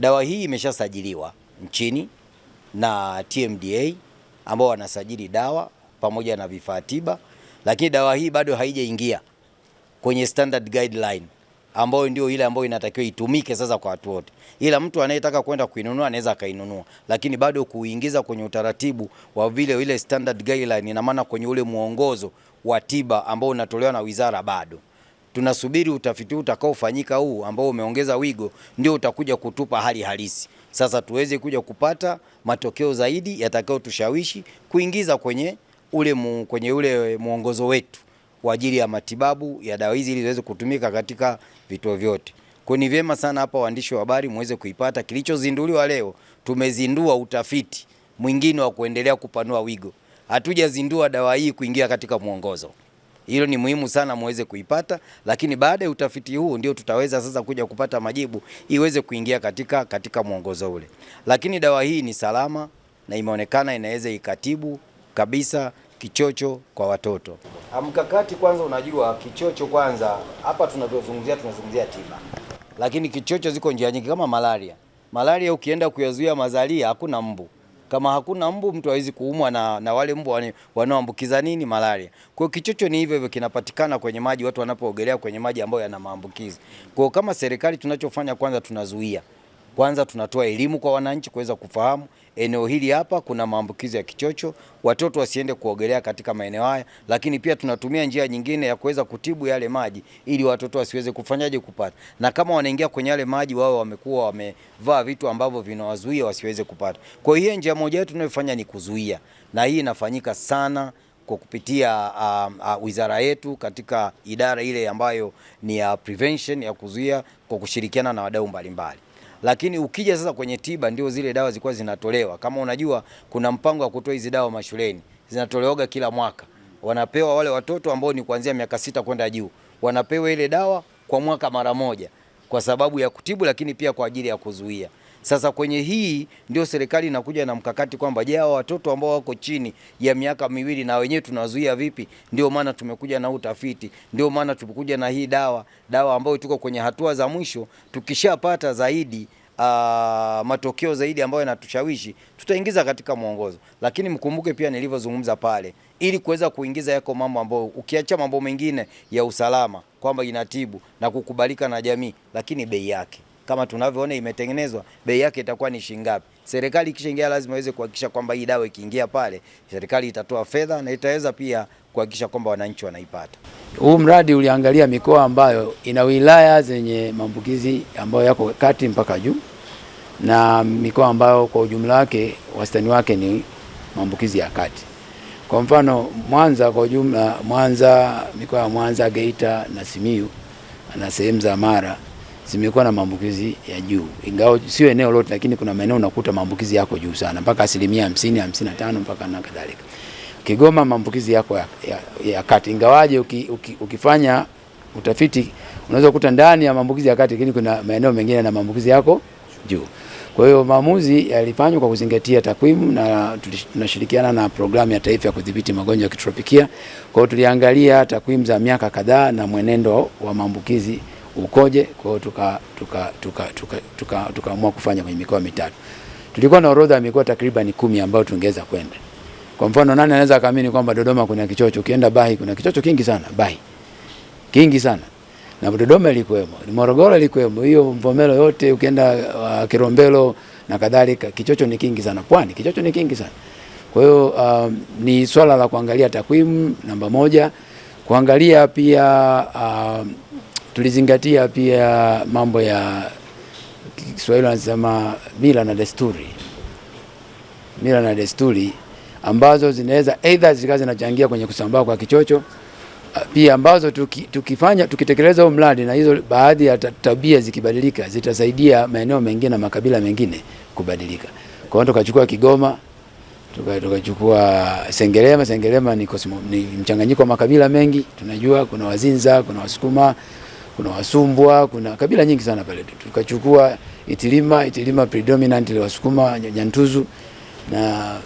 Dawa hii imeshasajiliwa nchini na TMDA ambao wanasajili dawa pamoja na vifaa tiba, lakini dawa hii bado haijaingia kwenye standard guideline ambayo ndio ile ambayo inatakiwa itumike sasa kwa watu wote, ila mtu anayetaka kwenda kuinunua anaweza akainunua, lakini bado kuingiza kwenye utaratibu wa vile ile standard guideline, ina maana kwenye ule mwongozo wa tiba ambao unatolewa na wizara bado tunasubiri utafiti huu utakaofanyika huu ambao umeongeza wigo ndio utakuja kutupa hali halisi. Sasa tuweze kuja kupata matokeo zaidi yatakayotushawishi kuingiza kwenye ule, mu, kwenye ule mwongozo wetu kwa ajili ya matibabu ya dawa hizi ili ziweze kutumika katika vituo vyote. Kwa ni vyema sana hapa waandishi wa habari muweze kuipata kilichozinduliwa leo. Tumezindua utafiti mwingine wa kuendelea kupanua wigo, hatujazindua dawa hii kuingia katika mwongozo. Hilo ni muhimu sana muweze kuipata, lakini baada ya utafiti huu ndio tutaweza sasa kuja kupata majibu iweze kuingia katika, katika mwongozo ule. Lakini dawa hii ni salama na imeonekana inaweza ikatibu kabisa kichocho kwa watoto. Ah, mkakati kwanza, unajua kichocho kwanza, hapa tunavyozungumzia tunazungumzia tiba, lakini kichocho ziko njia nyingi kama malaria. Malaria ukienda kuyazuia mazalia, hakuna mbu kama hakuna mbu, mtu hawezi kuumwa na, na wale mbu wanaoambukiza nini, malaria. Kwa hiyo kichocho ni hivyo hivyo, kinapatikana kwenye maji, watu wanapoogelea kwenye maji ambayo yana maambukizi. Kwa hiyo kama serikali tunachofanya kwanza, tunazuia kwanza tunatoa elimu kwa wananchi kuweza kufahamu eneo hili hapa kuna maambukizi ya kichocho, watoto wasiende kuogelea katika maeneo haya, lakini pia tunatumia njia nyingine ya kuweza kutibu yale maji ili watoto wasiweze kufanyaje kupata, na kama wanaingia kwenye yale maji wao wamekuwa wamevaa vitu ambavyo vinawazuia wasiweze kupata. Kwa hiyo njia moja yetu tunayofanya ni kuzuia, na hii inafanyika sana kwa kupitia uh, uh, wizara yetu katika idara ile ambayo ni ya prevention ya kuzuia kwa kushirikiana na wadau mbalimbali. Lakini ukija sasa kwenye tiba, ndio zile dawa zilikuwa zinatolewa. Kama unajua kuna mpango wa kutoa hizi dawa mashuleni, zinatolewaga kila mwaka, wanapewa wale watoto ambao ni kuanzia miaka sita kwenda juu, wanapewa ile dawa kwa mwaka mara moja, kwa sababu ya kutibu, lakini pia kwa ajili ya kuzuia. Sasa kwenye hii ndio serikali inakuja na mkakati kwamba je, hao watoto ambao wako chini ya miaka miwili na wenyewe tunazuia vipi? Ndio maana tumekuja na utafiti, ndio maana tumekuja na hii dawa, dawa ambayo tuko kwenye hatua za mwisho. Tukishapata zaidi Uh, matokeo zaidi ambayo yanatushawishi tutaingiza katika mwongozo, lakini mkumbuke pia nilivyozungumza pale, ili kuweza kuingiza yako mambo ambayo ukiacha mambo mengine ya usalama kwamba inatibu na kukubalika na jamii, lakini bei yake kama tunavyoona imetengenezwa, bei yake itakuwa ni shilingi ngapi? Serikali ikishaingia lazima iweze kuhakikisha kwamba hii dawa ikiingia pale, serikali itatoa fedha na itaweza pia kuhakikisha kwamba wananchi wanaipata. Huu mradi uliangalia mikoa ambayo ina wilaya zenye maambukizi ambayo yako kati mpaka juu na mikoa ambayo kwa ujumla wake wastani wake ni maambukizi ya kati. Kwa mfano Mwanza, kwa ujumla Mwanza, mikoa ya Mwanza, Geita na Simiyu na sehemu za Mara zimekuwa na maambukizi ya juu, ingawa sio eneo lote, lakini kuna maeneo unakuta maambukizi yako juu sana mpaka asilimia hamsini, hamsini na tano mpaka na kadhalika. Kigoma maambukizi yako ya, ya, ya kati, ingawaje uki, uki, ukifanya utafiti unaweza kukuta ndani ya maambukizi ya kati, lakini kuna maeneo mengine na maambukizi yako juu. Kwa hiyo maamuzi yalifanywa kwa kuzingatia takwimu na tunashirikiana na programu ya taifa ya kudhibiti magonjwa ya kitropikia. Kwa hiyo tuliangalia takwimu za miaka kadhaa na mwenendo wa maambukizi ukoje. Kwa hiyo tukaamua tuka, tuka, tuka, tuka, tuka, tuka kufanya kwenye mikoa mitatu. Tulikuwa na orodha ya mikoa takriban kumi ambayo tungeweza kwenda. Kwa mfano, nani anaweza kaamini kwamba Dodoma kuna kichocho? Ukienda Bahi kuna kichocho kingi sana, Bahi kingi sana na Dodoma ilikuwemo, Morogoro ilikuwemo, hiyo Mvomero yote, ukienda uh, Kilombero na kadhalika, kichocho ni kingi sana, Pwani kichocho ni kingi sana. Kwa hiyo uh, ni swala la kuangalia takwimu namba moja, kuangalia pia uh, Tulizingatia pia mambo ya Kiswahili wanasema mila na desturi, mila na desturi ambazo zinaweza aidha zikawa zinachangia kwenye kusambaa kwa kichocho, pia ambazo tuki, tukifanya tukitekeleza huo mradi na hizo baadhi ya tabia zikibadilika zitasaidia maeneo mengine na makabila mengine kubadilika. Kwa hiyo tukachukua Kigoma, tukachukua Sengerema. Sengerema ni, ni mchanganyiko wa makabila mengi, tunajua kuna Wazinza, kuna Wasukuma kuna Wasumbwa, kuna kabila nyingi sana pale. Tukachukua Itilima, Itilima predominantly Wasukuma, Nyantuzu na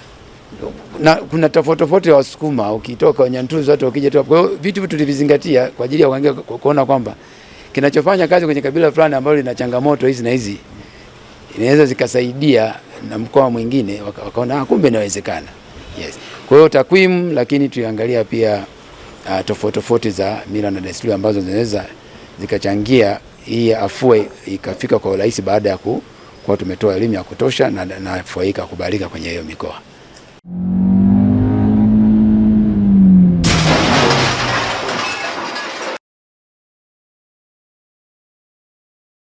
na kuna tofauti tofauti ya Wasukuma, ukitoka Nyantuzu hata ukija tu. Kwa hiyo vitu vitu tulivizingatia kwa ajili ya kuangalia kuona kwamba kinachofanya kazi kwenye kabila fulani ambalo lina changamoto hizi na hizi inaweza zikasaidia na mkoa mwingine, wakaona waka ah, kumbe inawezekana. Yes. Kwa hiyo takwimu, lakini tuangalia pia uh, tofauti tofauti za mila na desturi ambazo zinaweza zikachangia hii afue ikafika kwa urahisi baada ya kuwa tumetoa elimu ya kutosha na, na afua ikakubalika kwenye hiyo mikoa.